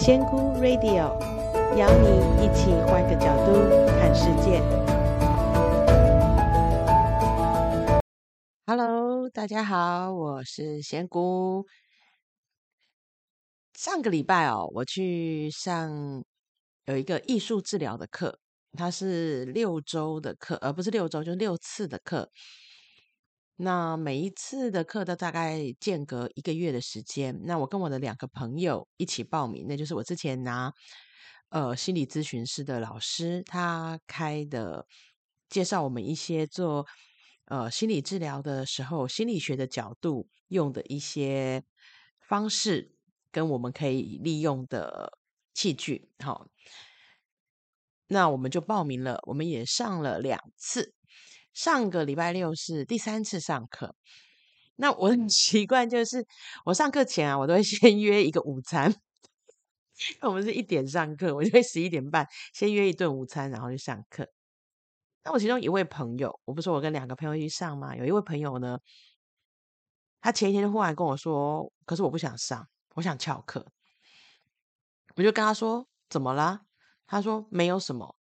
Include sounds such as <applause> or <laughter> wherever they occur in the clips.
仙姑 Radio 邀你一起換個角度看世界。Hello，大家好，我是仙姑。上個禮拜哦，我去上有一個藝術治療的課，它是六周的課，而不是六周，就是六次的課。那每一次的課都大概間隔一個月的時間。那我跟我的兩個朋友一起報名，那就是我之前拿呃心理諮詢師的老師他開的，介紹我們一些做呃心理治療的時候心理學的角度用的一些方式跟我們可以利用的器具。好、哦，那我們就報名了，我們也上了兩次。上個禮拜六是第三次上課，那我很奇怪，就是我上課前啊，我都會先約一個午餐， <laughs> 我們是一點上課，我就會十一點半先約一頓午餐，然後去上課。那我其中一位朋友，我不是說我跟兩個朋友一起上嗎，有一位朋友呢，他前一天就忽然跟我說：“可是我不想上，我想翹課。”我就跟他說：“怎麼啦？”他說：“沒有什麼，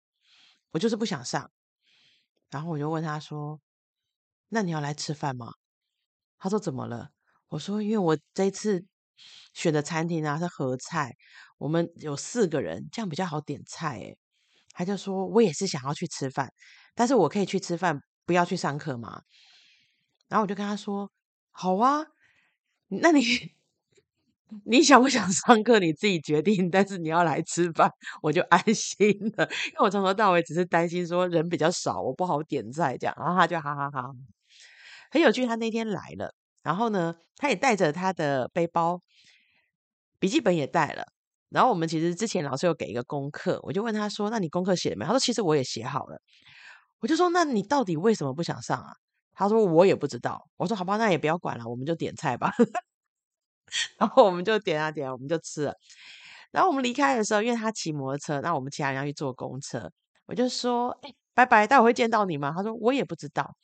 我就是不想上。”然後我就問他說：“那你要來吃飯嗎？”他說：“怎麼了？”我說：“因為我這一次選的餐廳啊是合菜，我們有四個人，這樣比較好點菜。”哎，他就說：“我也是想要去吃飯，但是我可以去吃飯，不要去上課嗎？”然後我就跟他說：“好啊，那你。”你想不想上課？你自己決定。但是你要來吃飯，我就安心了，因為我從頭到尾只是擔心說人比較少，我不好點菜這樣。然後他就哈哈哈哈，很有趣。他那天來了，然後呢，他也帶着他的背包，筆記本也帶了。然後我們其實之前老師有給一個功課，我就問他說：“那你功課寫了沒有？”他說：“其實我也寫好了。”我就說：“那你到底為什麼不想上啊？”他說：“我也不知道。”我說：“好吧，那也不要管了，我們就點菜吧。 <laughs> ”然後我們就點啊點啊，我們就吃了。然後我們離開的時候，因為他騎摩托車，那我們其他人要去坐公車。我就說：“哎、欸，拜拜，待會會見到你嗎？”他說：“我也不知道。”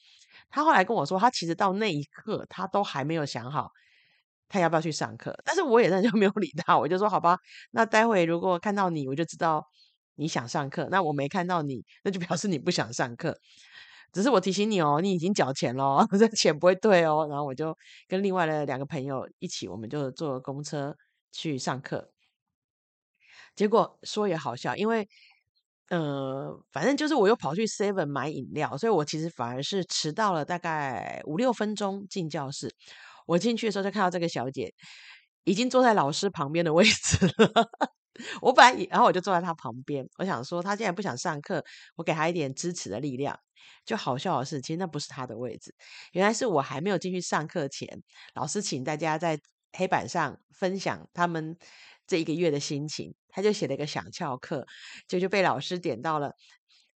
他後來跟我說，他其實到那一刻，他都還沒有想好，他要不要去上課。但是我也仍舊沒有理他，我就說：“好吧，那待會兒如果看到你，我就知道你想上課；那我沒看到你，那就表示你不想上課。”只是我提醒你哦，你已經繳錢咯，這錢不會退哦。然後我就跟另外的兩個朋友一起，我們就坐公車去上課。結果說也好笑，因為呃，反正就是我又跑去 Seven 買飲料，所以我其實反而是遲到了大概五六分鐘進教室。我進去的時候就看到這個小姐已經坐在老師旁邊的位置了。我本來，然後我就坐在她旁邊，我想說她既然不想上課，我給她一點支持的力量。就好笑的是，其實那不是他的位置，原來是我還沒有進去上課前，老師請大家在黑板上分享他們這一個月的心情，他就寫了一個想翹課，就就被老師點到了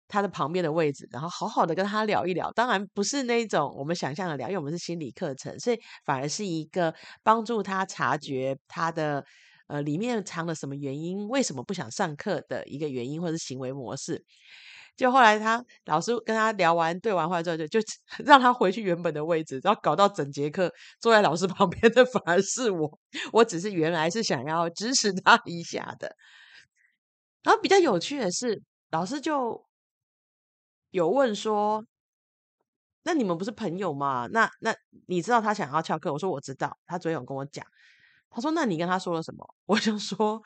他的旁邊的位置，然後好好的跟他聊一聊。當然不是那種我們想象的聊，因為我們是心理課程，所以反而是一個幫助他察覺他的呃裡面藏了什麼原因，為什麼不想上課的一個原因，或者是行為模式。就後來他，他老師跟他聊完、對完話之後就就，就就讓他回去原本的位置，然後搞到整節課坐在老師旁邊的反而是我。我只是原來是想要支持他一下的。然後比較有趣的是，老師就有問說：“那你們不是朋友嘛？那那你知道他想要翹課？”我說：“我知道。”他昨天有跟我講，他說：“那你跟他說了什麼？”我就說：“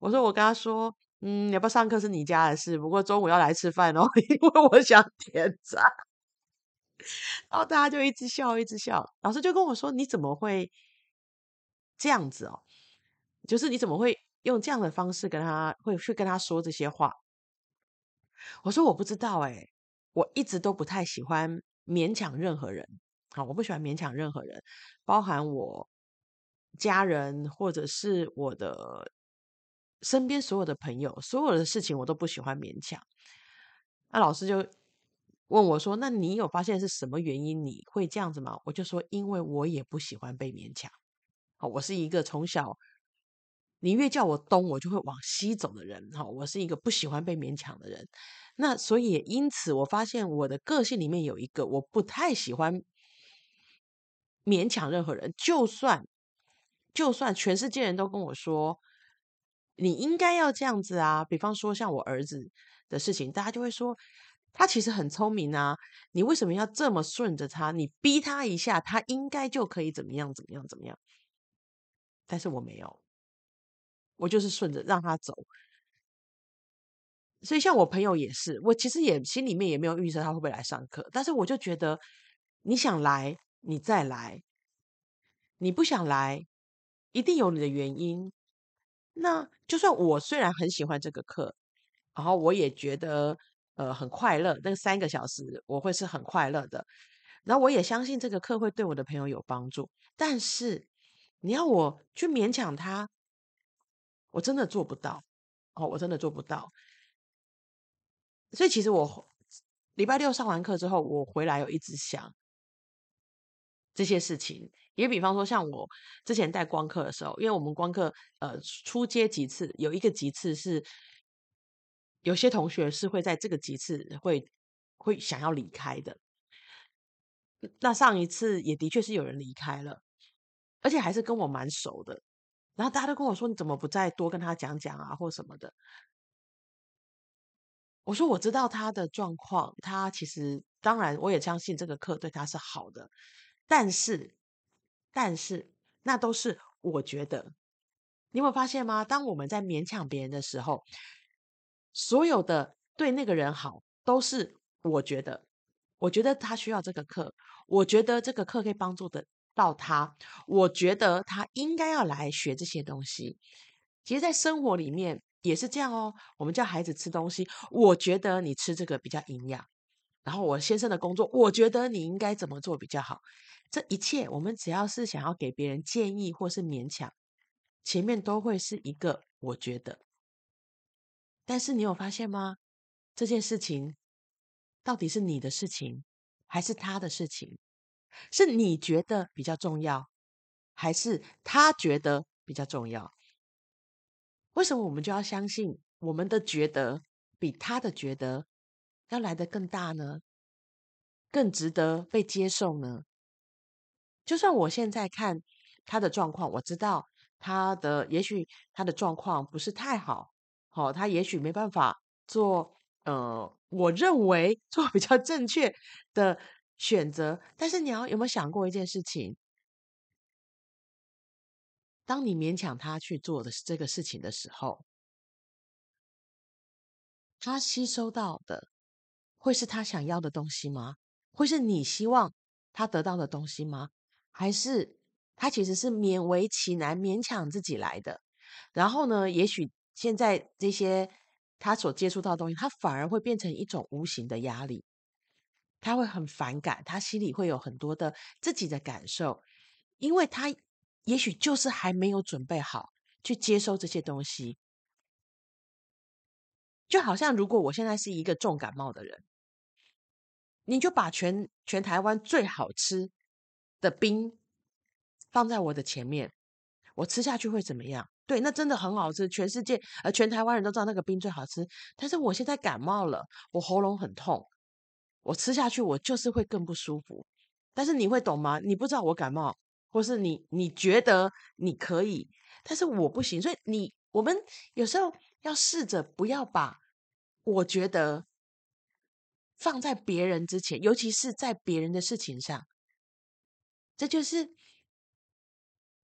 我說我跟他說。”嗯，要不要上課是你家的事。不過中午要來吃飯哦，因為我想點贊。 <laughs> 然後大家就一直笑，一直笑。老師就跟我說：“你怎麼會這樣子哦？就是你怎麼會用這樣的方式跟他，會去跟他說這些話？”我說：“我不知道哎，我一直都不太喜歡勉強任何人。好，我不喜歡勉強任何人，包含我家人或者是我的。”身邊所有的朋友，所有的事情，我都不喜歡勉強。那、啊、老師就問我說：“那你有發現是什麼原因你會這樣子嗎？”我就說：“因為我也不喜歡被勉強。好、哦，我是一個從小你越叫我東，我就會往西走的人、哦。我是一個不喜歡被勉強的人。那所以因此，我發現我的個性裡面有一個我不太喜歡勉強任何人，就算就算全世界人都跟我說。”.你應該要這樣子啊！比方說像我兒子的事情，大家就會說他其實很聰明啊，你為什麼要這麼順着他？你逼他一下，他應該就可以怎麼樣怎麼樣怎麼樣。但是我沒有，我就是順着讓他走。所以像我朋友也是，我其實也心裡面也沒有預測他會不會來上課，但是我就覺得你想來你再來，你不想來一定有你的原因。那就算我雖然很喜歡這個課，然後我也覺得呃很快樂，那三個小時我會是很快樂的。然後我也相信這個課會對我的朋友有幫助，但是你要我去勉強他，我真的做不到哦，我真的做不到。所以其實我禮拜六上完課之後，我回來我一直想這些事情。也比方說，像我之前帶光課的時候，因為我們光課呃初階幾次，有一個幾次是有些同學是會在這個幾次會會想要離開的。那上一次也的確是有人離開了，而且還是跟我蠻熟的。然後大家都跟我說：“你怎麼不再多跟他講講啊，或什麼的？”我說：“我知道他的狀況，他其實當然我也相信這個課對他是好的，但是。”但是，那都是我覺得，你有沒有發現嗎？當我們在勉強別人的時候，所有的對那個人好，都是我覺得，我覺得他需要這個課，我覺得這個課可以幫助得到他，我覺得他應該要來學這些東西。其實，在生活裡面也是這樣哦。我們叫孩子吃東西，我覺得你吃這個比較營養。然後我先生的工作，我覺得你應該怎麼做比較好？這一切，我們只要是想要給別人建議或是勉強，前面都會是一個“我覺得”。但是你有發現嗎？這件事情到底是你的事情還是他的事情？是你覺得比較重要，還是他覺得比較重要？為什麼我們就要相信我們的覺得比他的覺得？要來得更大呢，更值得被接受呢。就算我現在看他的狀況，我知道他的，也許他的狀況不是太好，好、哦，他也許沒辦法做，呃，我認為做比較正確的選擇。但是你要有沒有想過一件事情？當你勉強他去做的這個事情的時候，他吸收到的。會是他想要的東西嗎？會是你希望他得到的東西嗎？還是他其實是勉為其難，勉強自己來的。然後呢，也許現在這些他所接觸到的東西，他反而會變成一種無形的壓力。他會很反感，他心裡會有很多的自己的感受，因為他也許就是還沒有準備好去接受這些東西。就好像如果我現在是一個重感冒的人。你就把全全台灣最好吃的冰放在我的前面，我吃下去會怎麼樣？對，那真的很好吃，全世界，呃，全台灣人都知道那個冰最好吃。但是我現在感冒了，我喉嚨很痛，我吃下去我就是會更不舒服。但是你會懂嗎？你不知道我感冒，或是你你覺得你可以，但是我不行。所以你我們有時候要試着不要把我覺得。放在別人之前，尤其是在別人的事情上，這就是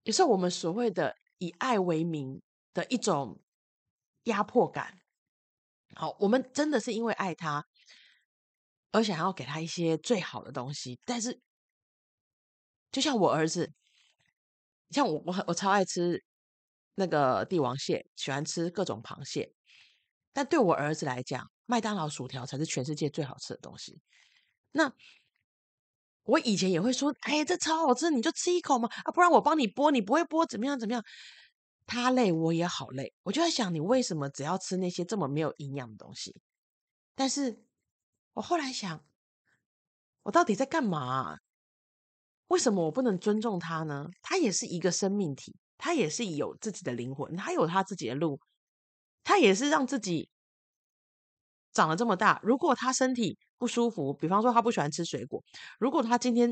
有時候我們所謂的以愛為名的一種壓迫感。好，我們真的是因為愛他而想要給他一些最好的東西，但是就像我兒子，像我我很我超愛吃那個帝王蟹，喜歡吃各種螃蟹，但對我兒子來講。麥當勞薯條才是全世界最好吃的東西。那我以前也會說：“哎，這超好吃，你就吃一口嘛，啊，不然我幫你剝，你不會剝，怎麼樣怎麼樣？”他累，我也好累，我就在想，你為什麼只要吃那些這麼沒有營養的東西？但是，我後來想，我到底在幹嘛啊？為什麼我不能尊重他呢？他也是一個生命體，他也是有自己的靈魂，他有他自己的路，他也是讓自己。長了這麼大，如果他身體不舒服，比方說他不喜歡吃水果，如果他今天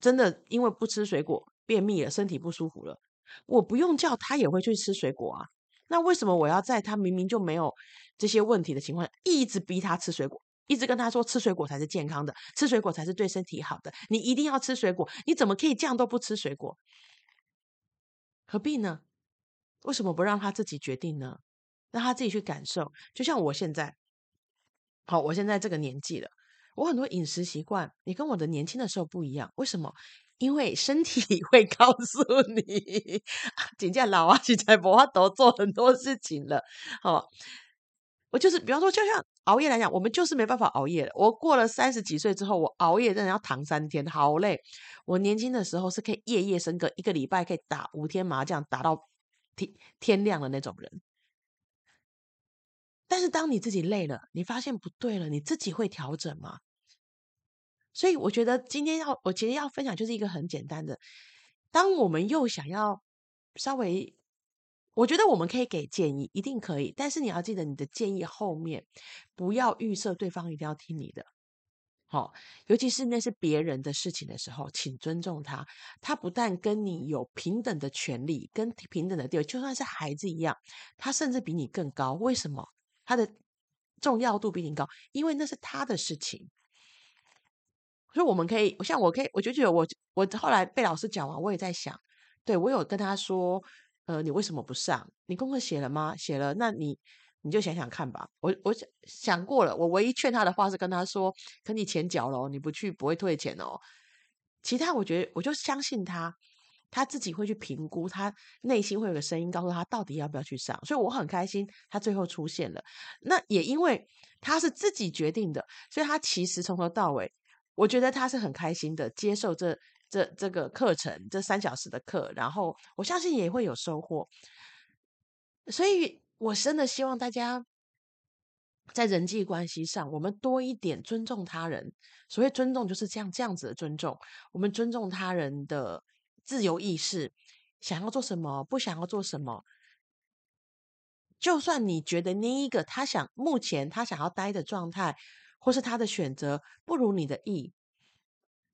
真的因為不吃水果便秘了，身體不舒服了，我不用叫他也會去吃水果啊。那為什麼我要在他明明就沒有這些問題的情況下，一直逼他吃水果，一直跟他說吃水果才是健康的，吃水果才是對身體好的，你一定要吃水果，你怎麼可以這樣都不吃水果？何必呢？為什麼不讓他自己決定呢？讓他自己去感受，就像我現在。好、哦，我現在這個年紀了，我很多飲食習慣，也跟我的年輕的時候不一樣，為什麼？因為身體會告訴你，真的老啊，現在無法多做很多事情了。好、哦，我就是比方說，就像熬夜來講，我們就是沒辦法熬夜了。我過了三十幾歲之後，我熬夜真的要躺三天，好累。我年輕的時候是可以夜夜笙歌，一個禮拜可以打五天麻將，打到天天亮的那種人。是當你自己累了，你發現不對了，你自己會調整嗎？所以我覺得今天要，我其實要分享就是一個很簡單的，當我們又想要稍微，我覺得我們可以給建議，一定可以，但是你要記得你的建議後面不要預設對方一定要聽你的。好、哦，尤其是那是別人的事情的時候，請尊重他。他不但跟你有平等的權利，跟平等的地位，就算是孩子一樣，他甚至比你更高。為什麼？他的重要度比你高，因為那是他的事情，所以我們可以，像我可以，我就覺得我我後來被老師講完，我也在想，對，我有跟他說，呃，你為什麼不上？你功課寫了嗎？寫了，那你你就想想看吧。我我想想過了，我唯一勸他的話是跟他說，可你錢繳了哦，你不去不會退錢哦。其他我覺得我就相信他。他自己會去評估，他內心會有個聲音告訴他到底要不要去上。所以我很開心，他最後出現了。那也因為他是自己決定的，所以他其實從頭到尾，我覺得他是很開心的接受這這這個課程，這三小時的課。然後我相信也會有收穫。所以我真的希望大家在人際關係上，我們多一點尊重他人。所謂尊重，就是這樣這樣子的尊重。我們尊重他人的自由意識，想要做什麼，不想要做什麼。就算你覺得那一個他想目前他想要待的狀態，或是他的選擇不如你的意，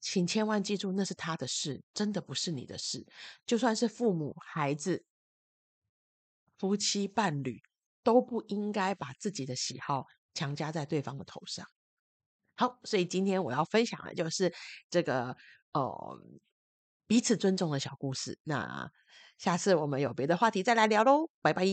請千萬記住，那是他的事，真的不是你的事。就算是父母、孩子、夫妻、伴侶，都不應該把自己的喜好強加在對方的頭上。好，所以今天我要分享的就是這個哦。呃彼此尊重的小故事。那下次我們有別的話題再來聊嘍，拜拜。